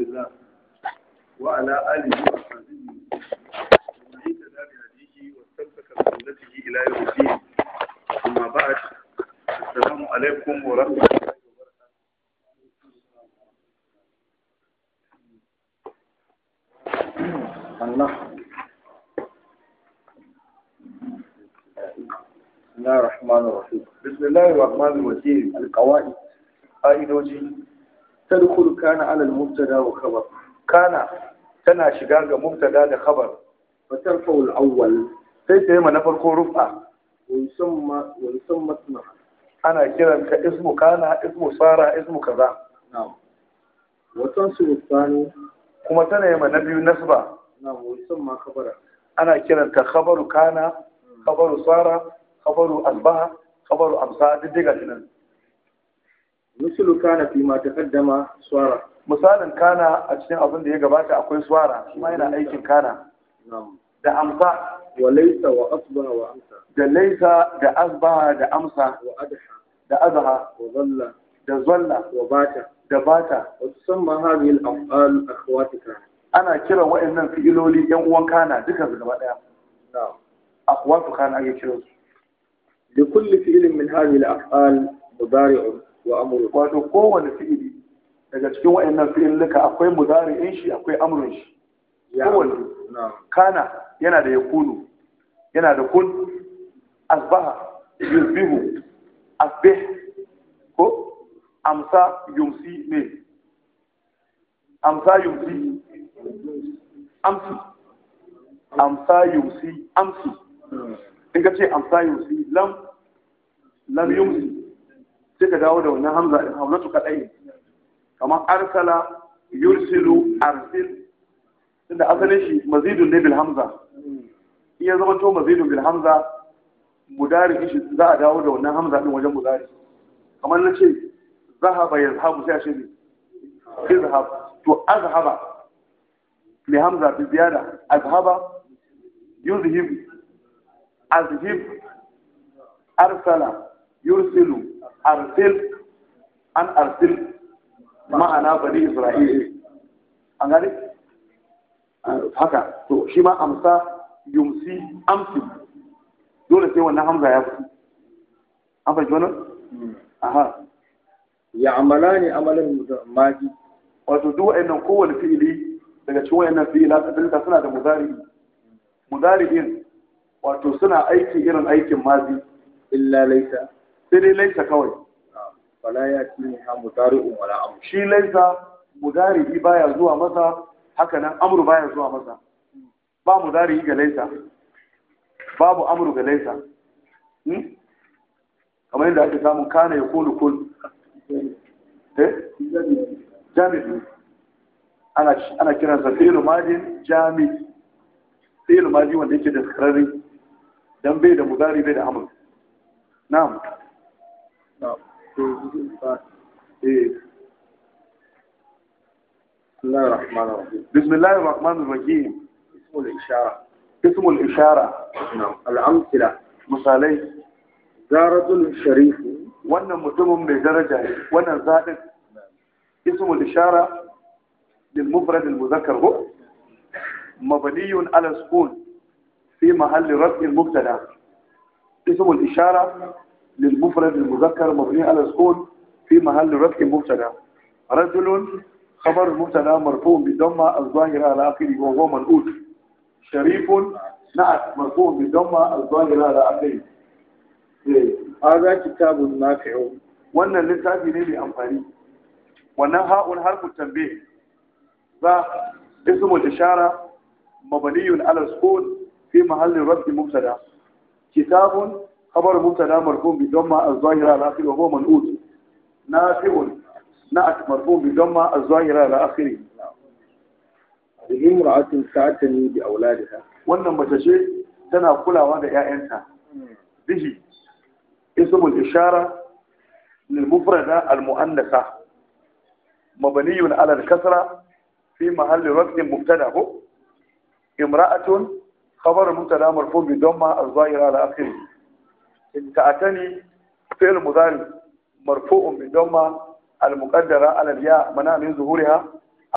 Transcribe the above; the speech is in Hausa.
رسول الله وعلى آله وصحبه ومن اهتدى بهديه واستمسك بسنته إلى يوم الدين أما بعد السلام عليكم ورحمة الله الله بسم الله الرحمن الرحيم بسم الله الرحمن الرحيم القواعد قائدوجي tadkhulu kana ala al-mubtada wa khabar kana tana shiga ga mubtada da khabar fa tarfa al-awwal sai ta yi na farko rufa wa yusamma wa yusamma ana kiranta ismu kana ismu sara ismu kaza na'am wa tansibu kuma tana yi na biyu nasba na'am yusamma khabara ana kiranta khabaru kana hmm. khabaru sara khabaru asbaha khabaru amsa duk daga nan misalu kana fi ma taqaddama suwara misalin kana a cikin abin da ya gabata akwai suwara shi ma yana aikin kana da amsa wa laisa wa asbaha wa amsa da laisa da asbaha da amsa wa adha da azha wa dhalla da zalla wa bata da bata wa tusamma hadhihi al-af'al akhwatika ana kiran wa'annan fi'iloli yan uwan kana duka su gaba daya na'am akhwatu kana ake kiransu لكل فعل من هذه الأفعال مضارع wa amru wato kowane fi'ili daga cikin wa'annan fi'ilika akwai mudari'in shi akwai amrun shi kowane kana yana da yakunu yana da kun asbaha yusbihu asbih ko amsa yumsi ne amsa yumsi amsi amsa yumsi amsi in ka ce amsa yumsi lam lam yumsi sai ka dawo da wannan hamza din kaɗai ne. kamar arsala yursilu arsil tunda asalin shi mazidun ne bil hamza in zama to mazidun bil hamza mudari shi za a dawo da wannan hamza din wajen mudari kamar na ce zahaba yazhabu sai a ce izhab to azhaba li hamza bi ziyada azhaba yuzhib azhib arsala yursilu arsil an arsil ma'ana bani isra'ili an gani haka to shi ma amsa yumsi amsi dole sai wannan hamza ya fi an fahimci wannan aha ya amala ne amalin magi wato duk wa'annan kowane fi'ili daga cikin wa'annan fi'ila kadalta suna da muzari muzari'in wato suna aiki irin aikin mazi illa laita sai dai laisa kawai fala ya ci ha mutari wala amr shi laisa mudari'i baya zuwa masa haka nan amru baya zuwa masa ba yi ga laisa babu amru ga laisa hmm? kamar yadda ake samun kana ya kulu kul eh jami'i ana kiransa fi'lu madin jamid. fi'lu madi wanda yake da sarari dan bai da mudari bai da amru na'am بسم الله الرحمن الرحيم اسم الإشارة اسم الإشارة نعم الأمثلة مثالي زارة الشريف وانا متمم بدرجة وانا زائد اسم الإشارة للمفرد المذكر هو مبني على السكون في محل رفع المبتدا اسم الإشارة للمفرد المذكر مبني على السكون في محل رفع مبتدا رجل خبر مبتدا مرفوع بالضمه الظاهره على اخره وهو منقول شريف نعت مرفوع بالضمه الظاهره على اخره هذا كتاب نافع wannan littafi ne mai amfani wannan ha'un harfin tambaye za ismu ishara mabaniyun ala sukun fi mahallin rabbi mubtada kitabun خبر مبتدا مرفوع بضمه الظاهره على اخره وهو منقول نافع نعت مرفوع بضمه الظاهره على اخره هذه امرأة تعتني بأولادها wannan mace ce tana kulawa da 'ya'yanta. bihi ismul ishara lil mufrada al muannatha mabniyun ala al kasra fi mahalli rafin mubtada ko imra'atun khabar mubtada marfu in ta'atani fi'l mudari marfu'un bi damma al-muqaddara ala ya mana min zuhuriha